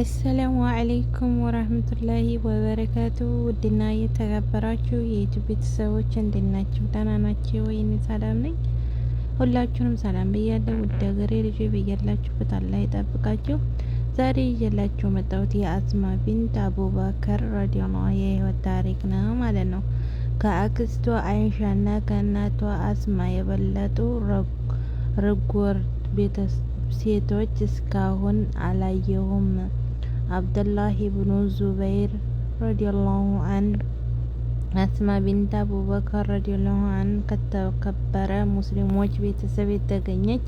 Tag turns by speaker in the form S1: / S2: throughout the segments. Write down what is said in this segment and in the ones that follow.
S1: አሰላሙ አለይኩም ወራህመቱላሂ ወበረካቱ። ውድና የተከበራችሁ የዩቲዩብ ቤተሰቦች እንዴት ናችሁ? ደህና ናችሁ ወይ? እኔ ሰላም ነኝ። ሁላችሁንም ሰላም ብያለሁ። ውድ ሀገሬ ልጅ ብያላችሁበት አላህ ይጠብቃችሁ። ዛሬ ይዤላችሁ መጣሁት የአስማ ቢንት አቡበከር ረዲየላሁ ዐንሃ የህይወት ታሪክ ነው ማለት ነው። ከአክስቷ አይሻና ከእናቷ አስማ የበለጡ ርጉር ቤተሰብ ሴቶች እስካሁን አላየሁም። አብደላህ ኢብኑ ዙበይር ረዲየላሁ አን አስማ ቢንት አቡበከር ረዲየላሁ አን ከተከበረ ሙስሊሞች ቤተሰብ የተገኘች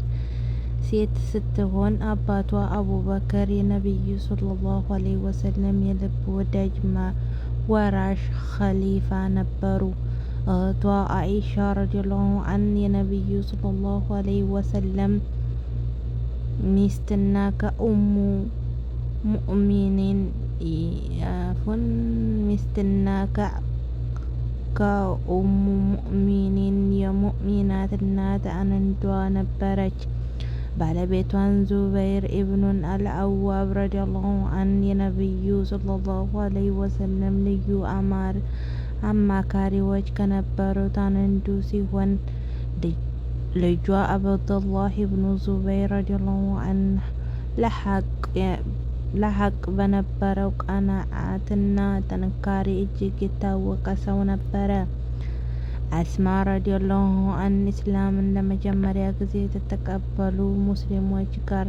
S1: ሴት ስትሆን አባቷ አቡበከር የነቢዩ ሰለላሁ ዐለይሂ ወሰለም የልብ ወዳጅ ወራሽ ኸሊፋ ነበሩ። እህቷ አኢሻ ረዲየላሁ አን የነቢዩ ሰለላሁ ዐለይሂ ወሰለም ሚስትና ከኡሙ ሙእሚኒን ያፉን ሚስትና ከኡሙ ሙእሚኒን የሙእሚናት እናት አንዷ ነበረች። ባለቤቷን ዙበይር ኢብኑን አልአዋብ ረዲየላሁ አን የነቢዩ ሰለላሁ ዐለይሂ ወሰለም ልዩ አማር አማካሪዎች ከነበሩት አንዱ ሲሆን ልጇ አብዱላህ ኢብኑ ዙበይር ረዲየላሁ አን ለሐቅ ለሀቅ በነበረው ቀናዓትና ጥንካሬ እጅግ የታወቀ ሰው ነበረ። አስማ ረዲየላሁ አን ኢስላምን ለመጀመሪያ ጊዜ የተቀበሉ ሙስሊሞች ጋር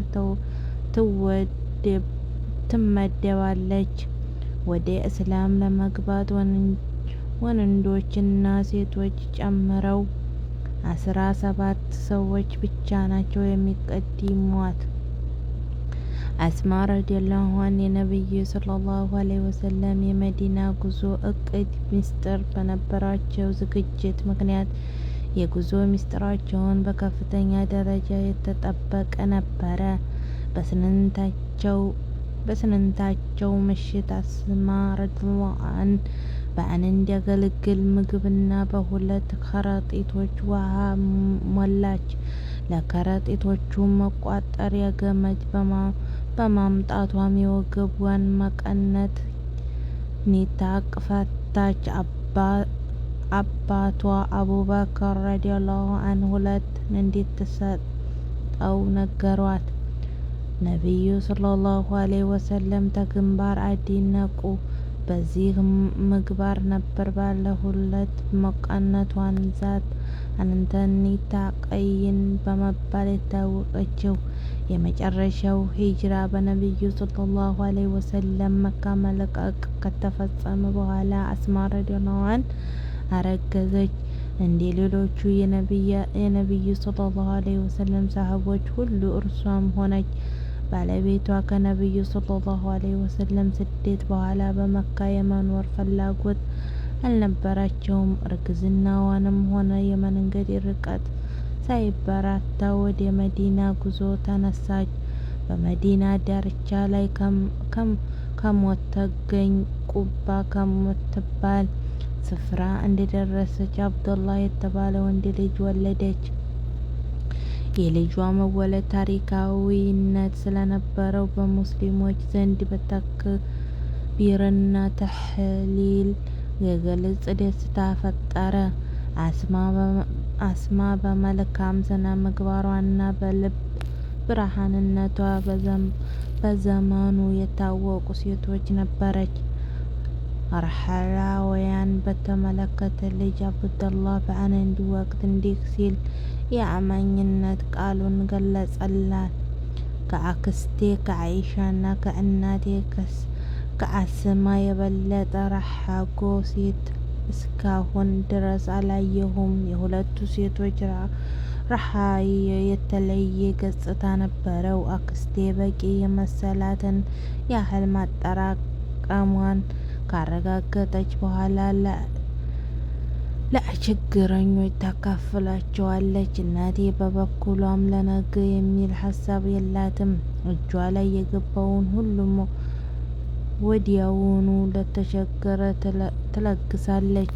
S1: ትመደባለች። ወደ እስላም ለመግባት ወንዶችና ሴቶች ጨምረው አስራ ሰባት ሰዎች ብቻ ናቸው የሚቀድሟት። አስማ ረዲየላሁ አን የነቢዩ ሰለላሁ አለይሂ ወሰለም የመዲና ጉዞ እቅድ ሚስጥር በነበራቸው ዝግጅት ምክንያት የጉዞ ሚስጥራቸውን በከፍተኛ ደረጃ የተጠበቀ ነበረ። በስንንታቸው ምሽት አስማ ረዲየላሁ አን በአንድ ያገለግል ምግብና በሁለት ከረጢቶች ውሃ ሞላች። ለከረጢቶቹ መቋጠሪያ ገመድ በማ በማምጣቷም የወገቧን መቀነት ኔታ አቅፈታች። አባቷ አቡበከር ረዲየላሁ አንሁ ሁለት እንድትሰጠው ነገሯት። ነቢዩ ሰለላሁ ዐለይሂ ወሰለም ተግንባር አዲነቁ በዚህ ምግባር ነበር ባለ ሁለት መቀነቷን ዛት አንተኒታ ቀይን በመባል የታወቀችው። የመጨረሻው ሂጅራ በነቢዩ ሰለላሁ ዐለይሂ ወሰለም መካ መለቀቅ ከተፈጸመ በኋላ አስማ ረዲየላሁ ዐንሃ አረገዘች። እንደ ሌሎቹ የነቢዩ ሰለላሁ ዐለይሂ ወሰለም ሰሃቦች ሁሉ እርሷም ሆነች ባለቤቷ ከነቢዩ ሰለላሁ ዐለይሂ ወሰለም ስደት በኋላ በመካ የመኖር ፍላጎት አልነበራቸውም። እርግዝናዋንም ሆነ የመንገድ ርቀት ሳይበራታ ወደ መዲና ጉዞ ተነሳች። በመዲና ዳርቻ ላይ ከምትገኝ ቁባ ከምትባል ስፍራ እንደደረሰች አብዱላህ የተባለ ወንድ ልጅ ወለደች። የልጇ መወለድ ታሪካዊነት ስለነበረው በሙስሊሞች ዘንድ በተክቢርና ተህሊል የገለጽ ደስታ ፈጠረ። አስማ አስማ በመልካም ስነ ምግባሯና በልብ ብርሃንነቷ በዘመኑ የታወቁ ሴቶች ነበረች። አርሐራውያን በተመለከተ ልጅ አብዱላህ በአንድ ወቅት እንዲህ ሲል የአማኝነት ቃሉን ገለጸላት። ከአክስቴ ከአይሻና ከእናቴ ከአስማ የበለጠ ረሃጎ ሴት እስካሁን ድረስ አላየሁም። የሁለቱ ሴቶች ረሀይ የተለየ ገጽታ ነበረው። አክስቴ በቂ የመሰላትን ያህል ማጠራቀሟን ካረጋገጠች በኋላ ለችግረኞች ታካፍላቸዋለች። እናቴ በበኩሏም ለነገ የሚል ሀሳብ የላትም። እጇ ላይ የገባውን ሁሉም ወዲያውኑ ለተቸገረ ትለግሳለች።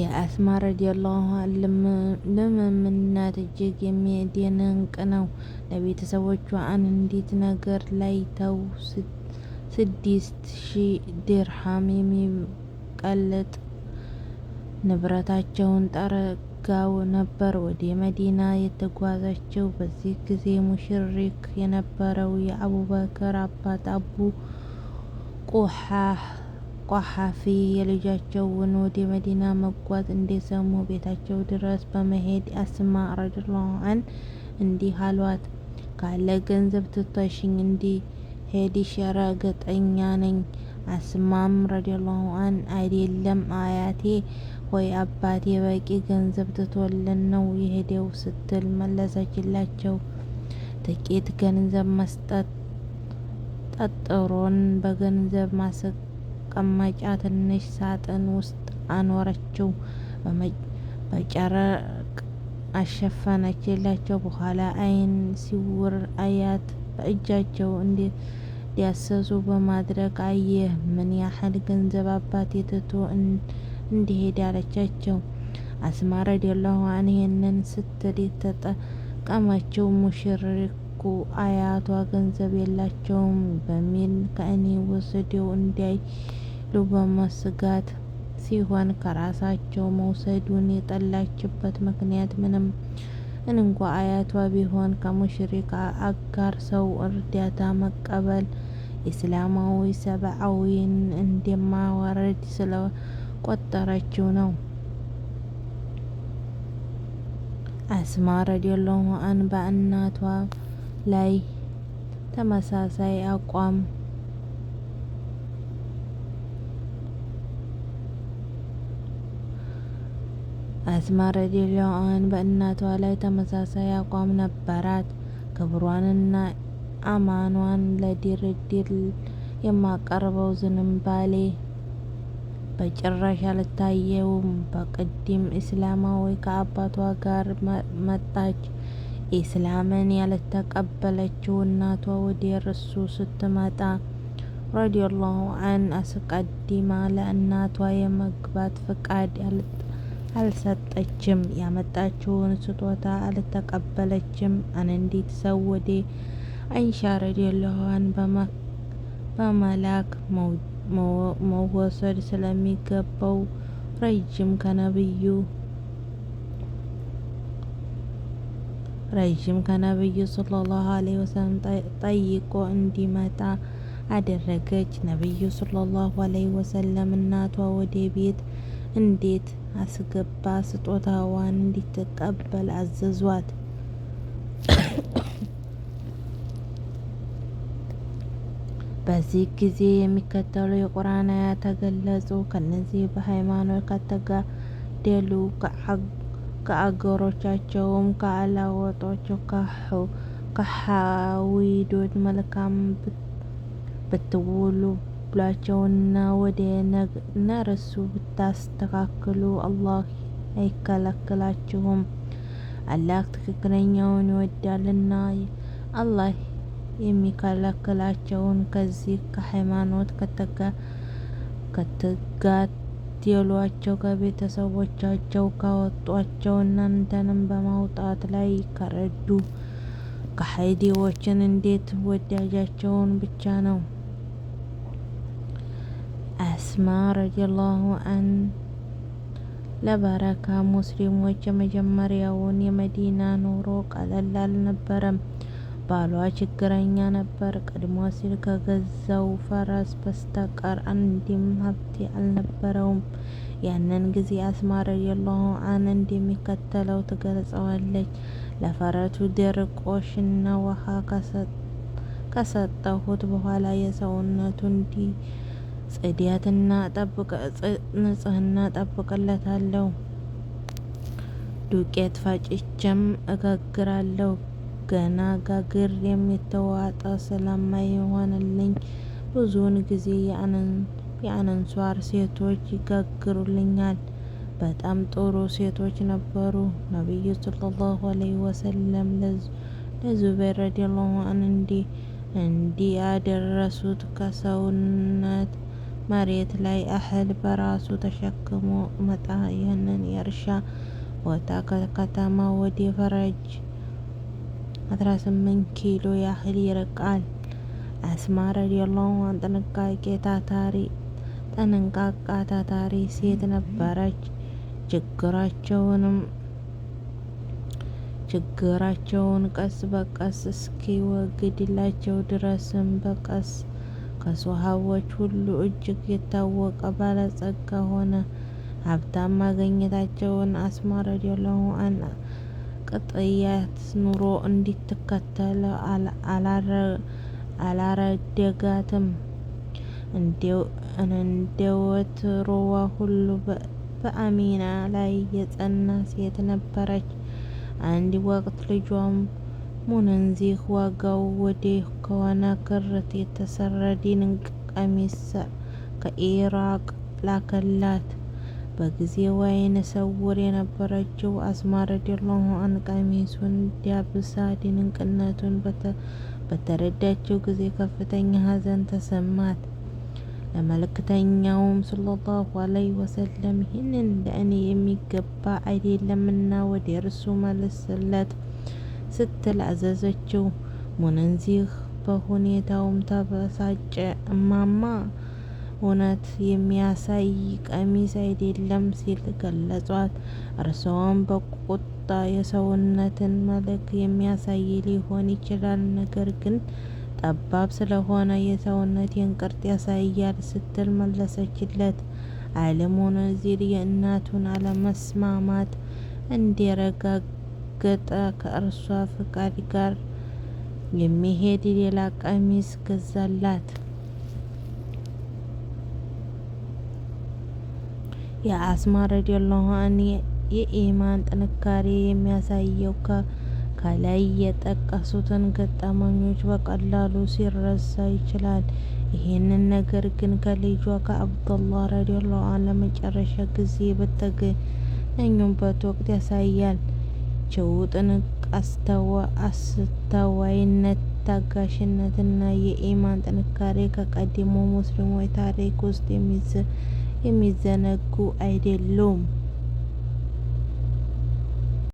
S1: የአስማ ረዲየላሁ ልምምነት እጅግ የሚደንቅ ነው። ለቤተሰቦቿ አንዲት ነገር ላይ ተው ስድስት ሺ ድርሃም የሚቀልጥ ንብረታቸውን ጋው ነበር ወደ መዲና የተጓዘችው። በዚህ ጊዜ ሙሽሪክ የነበረው የአቡበከር አባት አቡ ቁሓፊ የልጃቸውን ወደ መዲና መጓዝ እንደሰሙ ቤታቸው ድረስ በመሄድ አስማ ረዲየላሁ አን እንዲህ አሏት፣ ካለ ገንዘብ ትተሽኝ እንድሄድሽ እርግጠኛ ነኝ። አስማም ረዲየላሁ አን አይደለም አያቴ ሆይ አባቴ በቂ ገንዘብ ትቶልን ነው የሄደው ስትል መለሰችላቸው። ጥቂት ገንዘብ መስጠት ጠጥሮን በገንዘብ ማስቀመጫ ትንሽ ሳጥን ውስጥ አኖረችው። በጨረቅ አሸፈነችላቸው። በኋላ አይን ሲውር አያት በእጃቸው እንዲያሰሱ በማድረግ አየ! ምን ያህል ገንዘብ አባቴ ትቶ እንዲሄድ አለቻቸው። አስማረ ረዲየላሁ ዐንሁ ይህንን ስትል የተጠቀመችው ሙሽሪኩ አያቷ ገንዘብ የላቸውም በሚል ከእኔ ወስደው እንዳይሉ በመስጋት ሲሆን ከራሳቸው መውሰዱን የጠላችበት ምክንያት ምንም እንኳ አያቷ ቢሆን ከሙሽሪክ አጋር ሰው እርዳታ መቀበል ኢስላማዊ ሰብአዊን እንደማዋረድ ስለ ቆጠረችው ነው። አስማ ረዲየላሁ አን በእናቷ ላይ ተመሳሳይ አቋም አስማ ረዲየላሁ አን በእናቷ ላይ ተመሳሳይ አቋም ነበራት። ክብሯንና አማኗን ለድርድር የማቀርበው ዝንባሌ በጭራሽ አልታየውም። በቅድም እስላማዊ ከአባቷ ጋር መጣች። ኢስላምን ያልተቀበለችው እናቷ ወደ እርሱ ስትመጣ ረዲየላሁ አን አስቀድማ ለእናቷ የመግባት ፍቃድ አልሰጠችም። ያመጣችውን ስጦታ አልተቀበለችም። አንዲት ሰው ወደ አይሻ ረዲየላሁ አን በመላክ መውደድ መወሰድ ስለሚገባው ረዥም ከነብዩ ረዥም ከነብዩ ሰለላሁ ዐለይሂ ወሰለም ጠይቆ እንዲመጣ አደረገች። ነብዩ ሰለላሁ ዐለይሂ ወሰለም እናቷ ወደ ቤት እንዴት አስገባ ስጦታዋን እንዲትቀበል አዘዟት። በዚህ ጊዜ የሚከተሉ የቁርአን አያት ተገለጹ። ከነዚህ በሃይማኖት ከተጋደሉ ከአገሮቻቸውም ከአላወጦች ከሐዊዶች መልካም ብትውሉ ብሏቸውና ወደ ነርሱ ብታስተካክሉ አላህ አይከለክላችሁም። አላህ ትክክለኛውን ይወዳልና አላህ የሚከለክላቸውን ከዚህ ከሃይማኖት ከተጋደሏቸው ከቤተሰቦቻቸው ካወጧቸው እናንተንም በማውጣት ላይ ከረዱ ከሀዲዎችን እንዴት ወዳጃቸውን ብቻ ነው። አስማ ረዲላሁ አን ለበረካ ሙስሊሞች የመጀመሪያውን የመዲና ኑሮ ቀለል አልነበረም። ባሏ ችግረኛ ነበር። ቀድሞ ሲል ከገዛው ፈረስ በስተቀር አንድም ሀብት አልነበረውም። ያንን ጊዜ አስማረ የለሁ አን እንደሚከተለው ትገልጸዋለች። ለፈረቱ ድርቆሽና ውሃ ከሰጠሁት በኋላ የሰውነቱ እንዲ ጽዳትና ንጽህና ጠብቅለታለሁ። ዱቄት ፈጭቼም እጋግራለሁ። ገና ጋግር የሚተዋጠ ስለማይሆንልኝ ብዙውን ጊዜ የአነንሷር ሴቶች ይጋግሩልኛል። በጣም ጥሩ ሴቶች ነበሩ። ነቢዩ ሰለላሁ ዐለይሂ ወሰለም ለዙበይር ረዲየላሁ አንሁ እንዲህ ያደረሱት ከሰውነት መሬት ላይ እህል በራሱ ተሸክሞ መጣ። ይህንን የእርሻ ቦታ ከከተማ ወደ ፈረጅ 18 ኪሎ ያህል ይርቃል። አስማ ረዲየላሁ አን ጥንቃቄ ታታሪ ጠንቃቃ ታታሪ ሴት ነበረች። ችግራቸውንም ችግራቸውን ቀስ በቀስ እስኪ ወግድላቸው ድረስም በቀስ ከሶሃቦች ሁሉ እጅግ የታወቀ ባለጸጋ ሆነ። ሀብታም ማገኘታቸውን አስማ ረዲየላሁ አን ቅጥያት ኑሮ እንዲትከተል አላረደጋትም! እንደወትሮዋ ሁሉ በአሚና ላይ የጸና ሴት ነበረች። አንድ ወቅት ልጇም ሙንዚህ ዋጋው ወዲህ ከሆነ ክርት የተሰራ ድንቅ ቀሚስ ከኢራቅ ላከላት። በጊዜው ዓይነ ስውር የነበረችው አስማ ረዲየላሁ አን ቀሚሱን ዳብሳ ድንቅነቱን በተረዳችው ጊዜ ከፍተኛ ሐዘን ተሰማት። ለመልእክተኛውም ሰለላሁ ዐለይሂ ወሰለም ይህንን ለእኔ የሚገባ አይደለምና ወደ እርሱ መልስለት ስትል አዘዘችው። ሙነዚህ በሁኔታውም ተበሳጨ። እማማ እውነት የሚያሳይ ቀሚስ አይደለም ሲል ገለጿት። እርሷም በቁጣ የሰውነትን መልክ የሚያሳይ ሊሆን ይችላል፣ ነገር ግን ጠባብ ስለሆነ የሰውነትን ቅርጽ ያሳያል ስትል መለሰችለት። አልሙንዚር የእናቱን አለመስማማት እንዲረጋገጠ ከእርሷ ፍቃድ ጋር የሚሄድ ሌላ ቀሚስ ገዛላት። የአስማ ረዲየላሁ ዐንሁ የኢማን ጥንካሬ የሚያሳየው ከላይ የጠቀሱትን ገጠመኞች በቀላሉ ሲረሳ ይችላል። ይህንን ነገር ግን ከልጇ ከአብዱላህ ረዲየላሁ ዐንሁ ለመጨረሻ ጊዜ በተገናኙበት ወቅት ያሳያል። ጭውውትን፣ አስተዋይነት፣ ታጋሽነትና የኢማን ጥንካሬ ከቀድሞ ሙስሊሞች ታሪክ ውስጥ የሚዘነጉ አይደሉም።